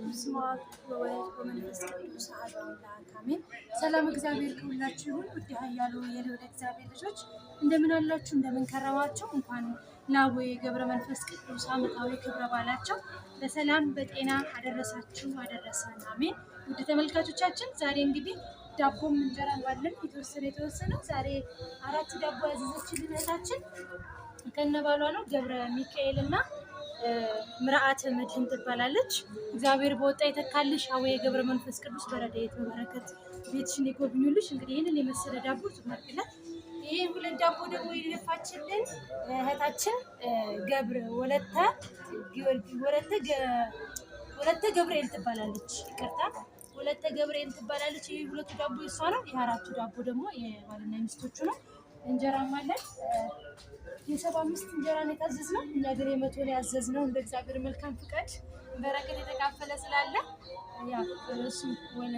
በስመ አብ ወወልድ ወመንፈስ ቅዱስ አሐዱ አምላክ አሜን። ሰላም እግዚአብሔር ከሁላችሁ ይሁን። ውድ ያሉ የልዑል እግዚአብሔር ልጆች እንደምን አላችሁ? እንደምን ከረማችሁ? እንኳን ለአቡነ ገብረ መንፈስ ቅዱስ ዓመታዊ ክብረ በዓላቸው በሰላም በጤና አደረሳችሁ አደረሰን፣ አሜን። ውድ ተመልካቾቻችን ዛሬ እንግዲህ ዳቦም እንጀራ ባለን የተወሰነ የተወሰነ ዛሬ አራት ዳቦ ያዘዘችልን እህታችን ከነባሏ ነው። ገብረ ሚካኤል እና ምርአት መድህን ትባላለች። እግዚአብሔር በወጣ የተካልሽ አወ የገብረ መንፈስ ቅዱስ በረድኤቱ በበረከት ቤትሽን የጎብኙልሽ። እንግዲህ ይህንን የመሰለ ዳቦ ጭመርቅላት። ይህ ሁለት ዳቦ ደግሞ የለፋችልን እህታችን ገብረ ወለተ ወለተ ገብርኤል ትባላለች። ይቅርታ ሁለተ ገብርኤል ትባላለች። ይህ ሁለቱ ዳቦ የሷ ነው። የአራቱ ዳቦ ደግሞ የባልና ሚስቶቹ ነው። እንጀራም አለን። የሰባ አምስት እንጀራ ነው የታዘዝነው እኛ ግን የመቶ ነው ያዘዝነው። እንደ እግዚአብሔር መልካም ፍቃድ በረከት የተካፈለ ስላለ እሱ ሆነ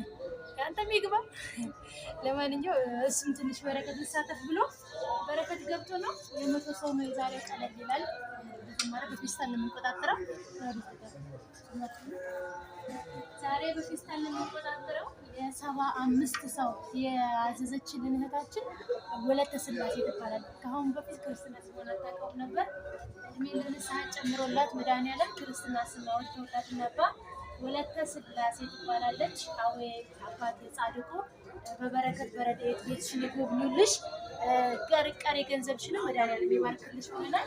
ያንተም ይግባ። ለማንኛው እሱም ትንሽ በረከት ይሳተፍ ብሎ በረከት ገብቶ ነው የመቶ ሰው ነው የዛሬው ቀለል ይላል። ማለት በፌስታል ነው የምንቆጣጠረው ዛሬ በፌስታል ነው የምንቆጣጠረው የሰባ አምስት ሰው የያዘዘችልን እህታችን ወለተ ስላሴ ትባላለች። ከአሁን በፊት ክርስትና ስሟን አታውቀውም ነበር። እድሜ ለንስሐ ጨምሮላት መድኃኒዓለም ክርስትና ስሟን ተወላት ነበር። ወለተ ስላሴ ትባላለች። አዌ አባት ጻድቁ በበረከት በረድኤት ቤትሽን ይጎብኙልሽ። ቀሪ ገንዘብሽንም መድኃኒዓለም ይባርክልሽ ብለናል።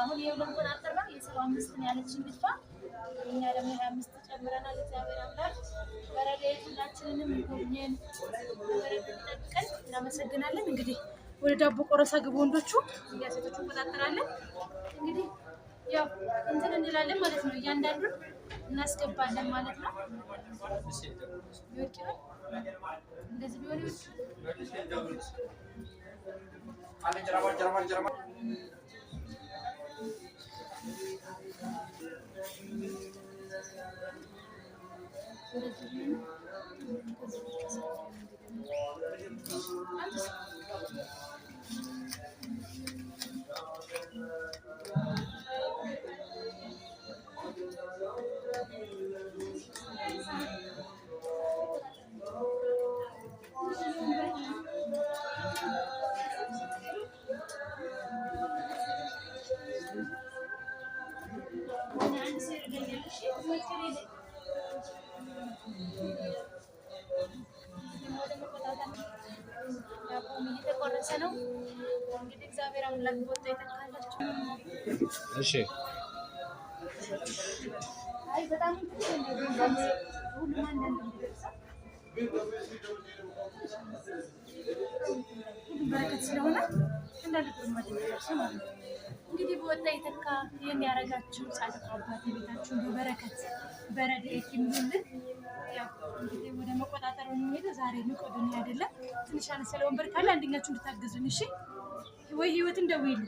አሁን የሁለንጎን አጠራ የሰባ አምስት ያለችን ልጅቷ። እኛ ደግሞ ሀያ አምስት ጨምረናል። እግዚአብሔር አምላክ በረድኤቱ ሁላችንንም ይጎብኘን፣ በበረከት ይጠብቀን። እናመሰግናለን። እንግዲህ ወደ ዳቦ ቆረሳ ግቡ ወንዶቹ፣ እኛ ሴቶቹ እንቆጣጠራለን። እንግዲህ ያው እንትን እንላለን ማለት ነው። እያንዳንዱን እናስገባለን ማለት ነው። እንደዚህ ቢሆን ይወድቅ Anda ceramah, ceramah, ceramah. Thank you. እሺ በረከት ስለሆነ እንግዲህ በወጣ የተካ የሚያረጋችሁ ጻድቅ አባት ቤታችሁ በበረከት በረድኤት የሚሆንልን እንግዲህ ወደ መቆጣጠር የሚሄደው ዛሬ ንቆብን አይደለም። ትንሽ አነስ ያለ ወንበር ካለ አንደኛችሁ እንድታገዙን እሺ። ወይ ህይወት እንደው ይሉ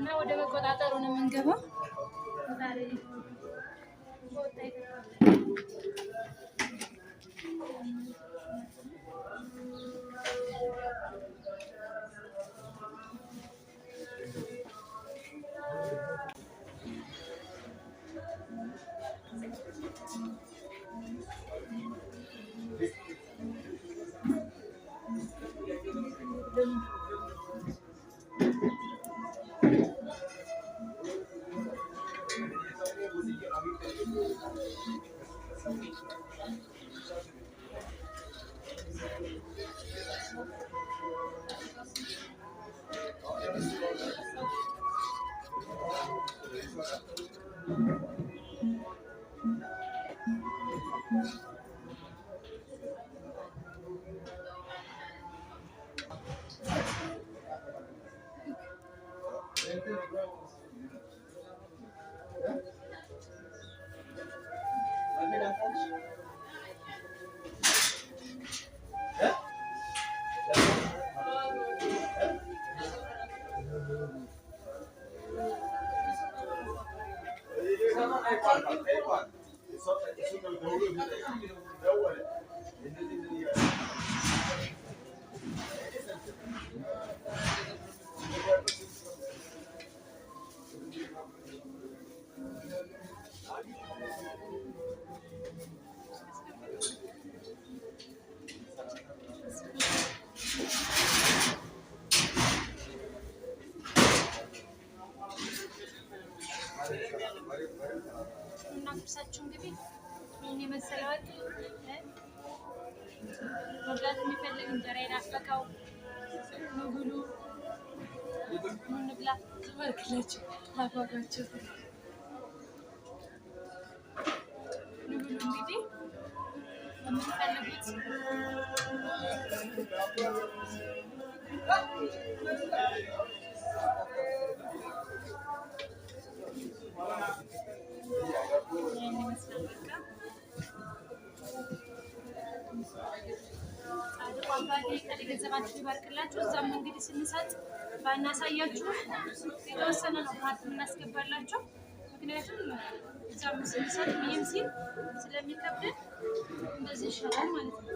እና ወደ መቆጣጠሩ ነው የምንገባው። Yeah. Eso, eso me lo tengo que decir. እንጀራ የናፈቀው ምግሉ እንብላ ትበርክላችሁ ላጓጓችሁ ንብሉ እንግዲህ የምንፈልጉት ይህን ይመስላል። ገንዘባችሁ ይባርክላችሁ። እዛም እንግዲህ ስንሰጥ ባናሳያችሁ የተወሰነ ነው ፓርት የምናስገባላቸው። ምክንያቱም እዛም ስንሰጥ ይህም ሲል ስለሚከብድን እንደዚህ ይሻላል ማለት ነው።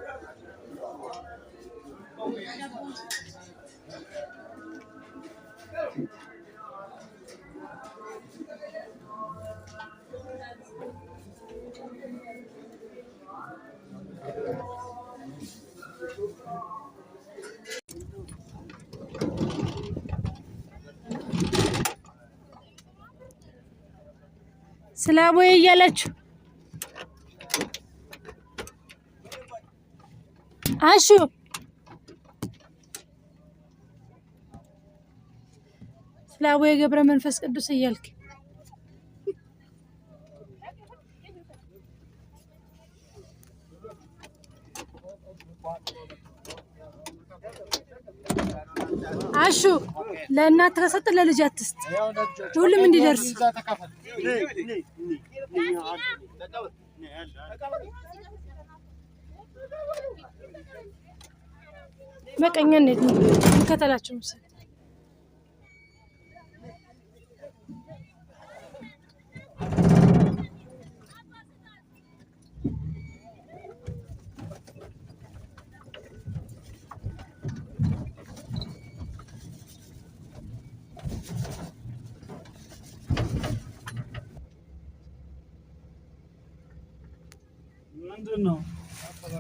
ስላቦ አቦዬ እያላችሁ አሹ ስላቦ የገብረ መንፈስ ቅዱስ እያልክ አሹ ለእናት ከሰጠ ለልጅ አትስጥ፣ ሁሉም እንዲደርስ መቀኛ እንዴት ነው? እንከተላቸው ምስል ምንድን ነው?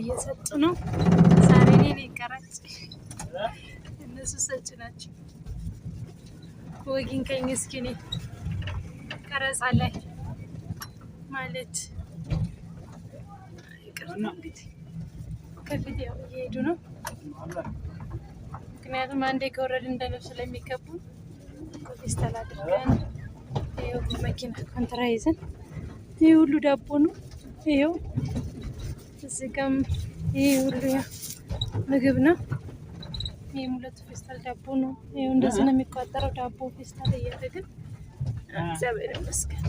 እየሰጡ ነው? ዛሬ እኔ ነኝ ቀራጭ፣ እነሱ ሰጭ ናቸው። ወጊን ከኝ እስኪ እኔ ቀረጻ ላይ ማለት ከፊት ያው እየሄዱ ነው ምክንያቱም አንዴ ከወረድን እንደልብስ ስለሚገቡ ፌስታል አድርገን ይኸው መኪና ኮንትራ ይዘን ይህ ሁሉ ዳቦ ነው። ይኸው እዚህ ጋም ይህ ሁሉ ምግብ ነው። ይህም ሁለቱ ፌስታል ዳቦ ነው። ይኸው እንደዚህ ነው የሚቋጠረው ዳቦ ፌስታል እያደግን እግዚአብሔር ይመስገን።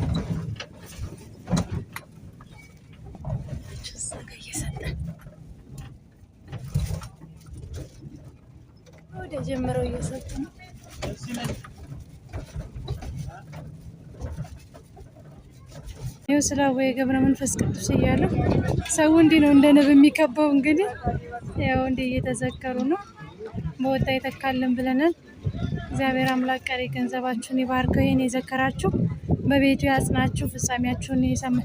ጀምረው እየሰጡ ነው። ይኸው ስለ አቡነ ገብረ መንፈስ ቅዱስ እያለ ሰው እንዲህ ነው እንደ ንብ የሚከበው። እንግዲህ ያው እንዲህ እየተዘከሩ ነው። በወጣ ይተካልን ብለናል። እግዚአብሔር አምላክ ቀሪ ገንዘባችሁን ይባርከው። ይህን የዘከራችሁ በቤቱ ያጽናችሁ፣ ፍጻሜያችሁን ይሰማ።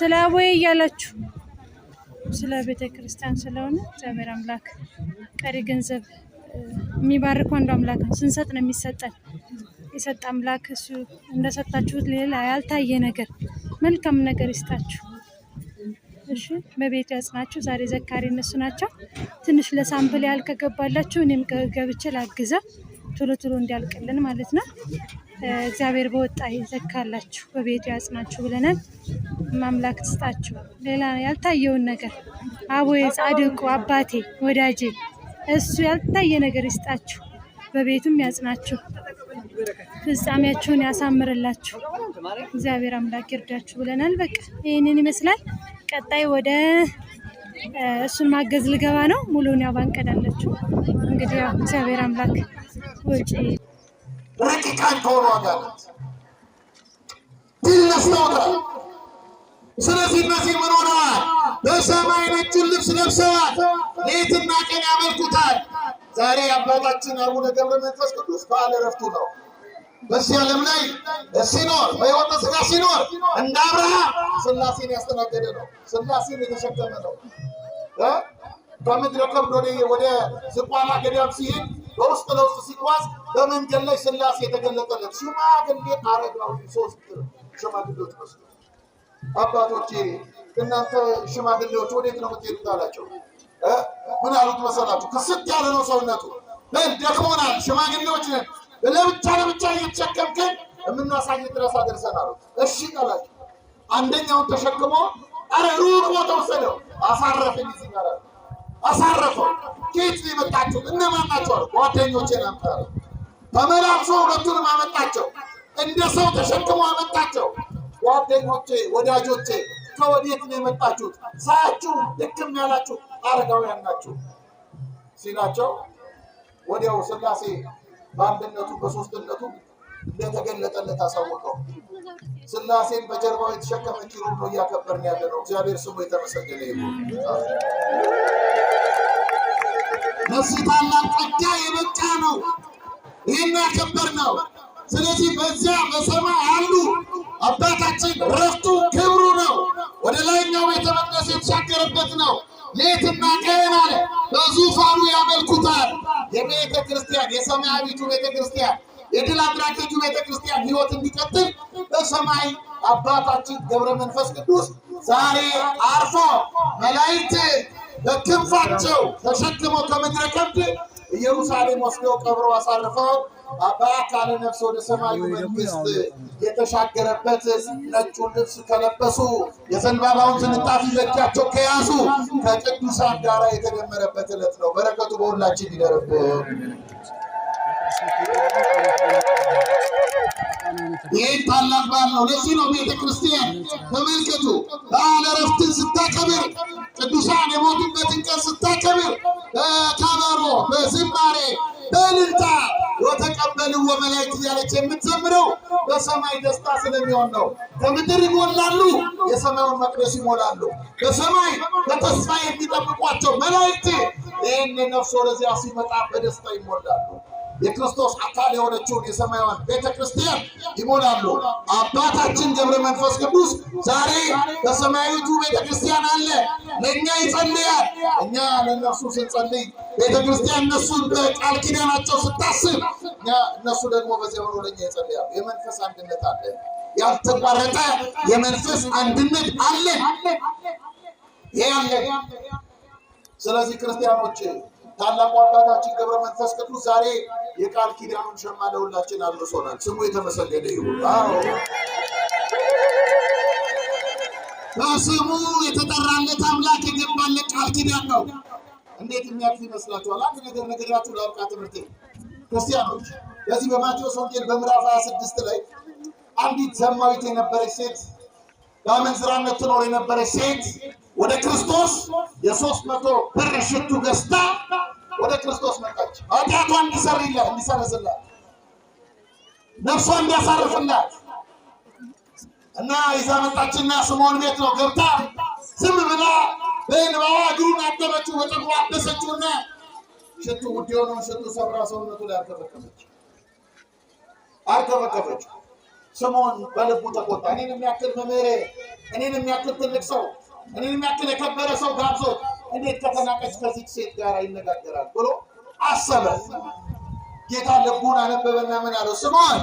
ስለ አቡነ እያላችሁ ስለ ቤተ ክርስቲያን ስለሆነ እግዚአብሔር አምላክ ቀሪ ገንዘብ የሚባርከው አንዱ አምላክ ነው። ስንሰጥ ነው የሚሰጠን። የሰጠ አምላክ እሱ እንደሰጣችሁት ሌላ ያልታየ ነገር መልካም ነገር ይስጣችሁ። እሺ በቤቱ ያጽናችሁ። ዛሬ ዘካሪ እነሱ ናቸው። ትንሽ ለሳምፕል ያህል ከገባላችሁ እኔም ገብቼ ላግዛ ቶሎ ቶሎ እንዲያልቅልን ማለት ነው። እግዚአብሔር በወጣ ይዘካላችሁ፣ በቤቱ ያጽናችሁ ብለናል። ማምላክ ትስጣችሁ ሌላ ያልታየውን ነገር አቦ፣ ጻድቁ አባቴ፣ ወዳጄ እሱ ያልታየ ነገር ይስጣችሁ፣ በቤቱም ያጽናችሁ፣ ፍጻሜያችሁን ያሳምርላችሁ፣ እግዚአብሔር አምላክ ይርዳችሁ ብለናል። በቃ ይህንን ይመስላል። ቀጣይ ወደ እሱን ማገዝ ልገባ ነው። ሙሉን ያው ባንቀዳለችው እንግዲህ ያው እግዚአብሔር አምላክ ወጪ ረቂቃን ከሆኑ ድል ነስተውታል። ስለዚህ እነዚህ ምን ሆነ በሰማይ ነጩን ልብስ ለብሰዋል፣ ሌትና ቀን ያመልኩታል። ዛሬ አባታችን አቡነ ገብረ መንፈስ ቅዱስ በዓለ ዕረፍቱ ነው። በዚህ ዓለም ላይ ሲኖር በሕይወተ ሥጋ ሲኖር እንደ አብርሃም ስላሴን ያስተናገደ ነው። ስላሴን የተሸከመ ነው። ከምድረ ከብድ ወደ ዝቋላ ገዳም ሲሄድ በውስጥ ለውስጥ ሲጓዝ በመንገድ ላይ ስላሴ የተገለጠለት ሽማግሌ አረጋዊ ሶስት ሽማግሌዎች መስሉ አባቶቼ እናንተ ሽማግሌዎች ወዴት ነው የምትሄዱት? አላቸው። ምን አሉት መሰላችሁ? ክስት ያለ ነው ሰውነቱ። ምን ደክሞናል፣ ሽማግሌዎች ነን። ለብቻ ለብቻ እየተሸከምከን የምናሳይ ድረስ አደርሰናል። እሺ አላቸው። አንደኛውን ተሸክሞ አረ ሩቅ ቦታ ወሰደው፣ አሳረፈኝ። ጊዜ ጋር አሳረፈው። ከየት ነው የመጣችሁት? እነማን ናቸው? አሉ ጓደኞቼ ናምታለ። ተመላልሶ ሁለቱንም አመጣቸው። እንደ ሰው ተሸክሞ አመጣቸው። ጓደኞቼ፣ ወዳጆቼ ከወዴት ነው የመጣችሁት? ሳያችሁ ድክም ያላችሁ አረጋውያን ናችሁ ሲላቸው ወዲያው ስላሴ በአንድነቱ በሶስትነቱ እንደተገለጠለት አሳወቀው። ስላሴን በጀርባው የተሸከመች ሩብ ነው እያከበርን ያለ ነው። እግዚአብሔር ስሙ የተመሰገነ ይሁን። ለዚህ ታላቅ ጸጋ የበቃ ነው። ይህን ያከበር ነው። ስለዚህ በዚያ በሰማይ አሉ አባታችን ረፍቱ ክብሩ ነው። ወደ ላይኛው ቤተ መቅደስ የተሻገረበት ነው። ሌትና ቀን አለ በዙፋኑ ያመልኩታል። የቤተ ክርስቲያን የሰማያዊቱ ቤተ ክርስቲያን የድል አድራጊቱ ቤተ ክርስቲያን ሕይወት እንዲቀጥል በሰማይ አባታችን ገብረ መንፈስ ቅዱስ ዛሬ አርፎ መላእክት በክንፋቸው ተሸክመው ከምድረ ከብድ ኢየሩሳሌም ወስደው ቀብሮ አሳልፈው በአካለ ነፍስ ወደ ሰማዩ መንግስት የተሻገረበት ነጩን ልብስ ከለበሱ የዘንባባውን ትንጣፊ በእጃቸው ከያዙ ከቅዱሳን ጋር የተገመረበት ዕለት ነው። በረከቱ በሁላችን ይደርብን። ይህን ታላቅ በዓል ነው። ለዚህ ነው ቤተ ክርስቲያን ተመልከቱ፣ በዓለ ዕረፍትን ስታከብር፣ ቅዱሳን የሞቱበትን ቀን ስታከብር በከበሮ በዝማሬ በእልልታ ወተቀበልዎ መላእክት እያለች የምትዘምረው በሰማይ ደስታ ስለሚሆን ነው። ከምድር ይሞላሉ፣ የሰማዩን መቅደስ ይሞላሉ። በሰማይ በተስፋ የሚጠብቋቸው መላእክት ይህን ነፍስ ወደዚያ ሲመጣ በደስታ ይሞላሉ። የክርስቶስ አካል የሆነችውን የሰማያዊን ቤተ ክርስቲያን ይሞላሉ። አባታችን ገብረ መንፈስ ቅዱስ ዛሬ በሰማያዊቱ ቤተ ክርስቲያን አለ። ለእኛ ይጸልያል፣ እኛ ለእነርሱ ስንጸልይ፣ ቤተ ክርስቲያን እነሱን በቃል ኪዳናቸው ስታስብ፣ እኛ እነሱ ደግሞ በዚያ ሆኖ ለእኛ ይጸልያሉ። የመንፈስ አንድነት አለ። ያልተቋረጠ የመንፈስ አንድነት አለ። ይህ አለ። ስለዚህ ክርስቲያኖች ታላቁ አባታችን ገብረ መንፈስ ቅዱስ ዛሬ የቃል ኪዳኑን ሸማ ለሁላችን አድርሶናል። ስሙ የተመሰገነ ይሁን። በስሙ የተጠራለት አምላክ የገባለት ቃል ኪዳን ነው። እንዴት የሚያልፍ ይመስላችኋል? አንድ ነገር ነገራችሁ ለአብቃ ትምህርት ክርስቲያኖች፣ በዚህ በማቴዎስ ወንጌል በምዕራፍ 26 ላይ አንዲት ዘማዊት የነበረች ሴት በአመንዝራነት ትኖር የነበረች ሴት ወደ ክርስቶስ የሶስት መቶ ብር ሽቱ ገዝታ ወደ ክርስቶስ መጣች። ኃጢአቷን እንዲሰርይላት እንዲሰረዝላት ነፍሷ እንዲያሳርፍላት እና ይዛ መጣችና ስምዖን ቤት ነው ገብታ ዝም ብላ በእንባዋ እግሩን አጠበችው፣ በጠጉ አደሰችውና ሽቱ ውድ የሆነውን ሽቱ ሰብራ ሰውነቱ ላይ አርከፈከፈች አርከፈከፈች። ስምዖን በልቡ ተቆጣ። እኔን የሚያክል መምህሬ፣ እኔን የሚያክል ትልቅ ሰው እኔ የሚያክል የከበረ ሰው ጋብዞ እንዴት ከተናቀች ከዚች ሴት ጋር ይነጋገራል ብሎ አሰበ። ጌታ ልቡን አነበበና ምን አለው? ስምዖን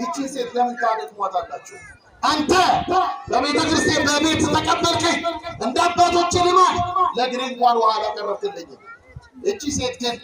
ይቺን ሴት ለምን ታገጥሟታላችሁ? አንተ በቤተ ክርስቲያን በቤት ተቀበልከኝ፣ እንደ አባቶች ልማድ ለግሬ እንኳን ውሃ አላቀረብክልኝም። ይቺ ሴት ግን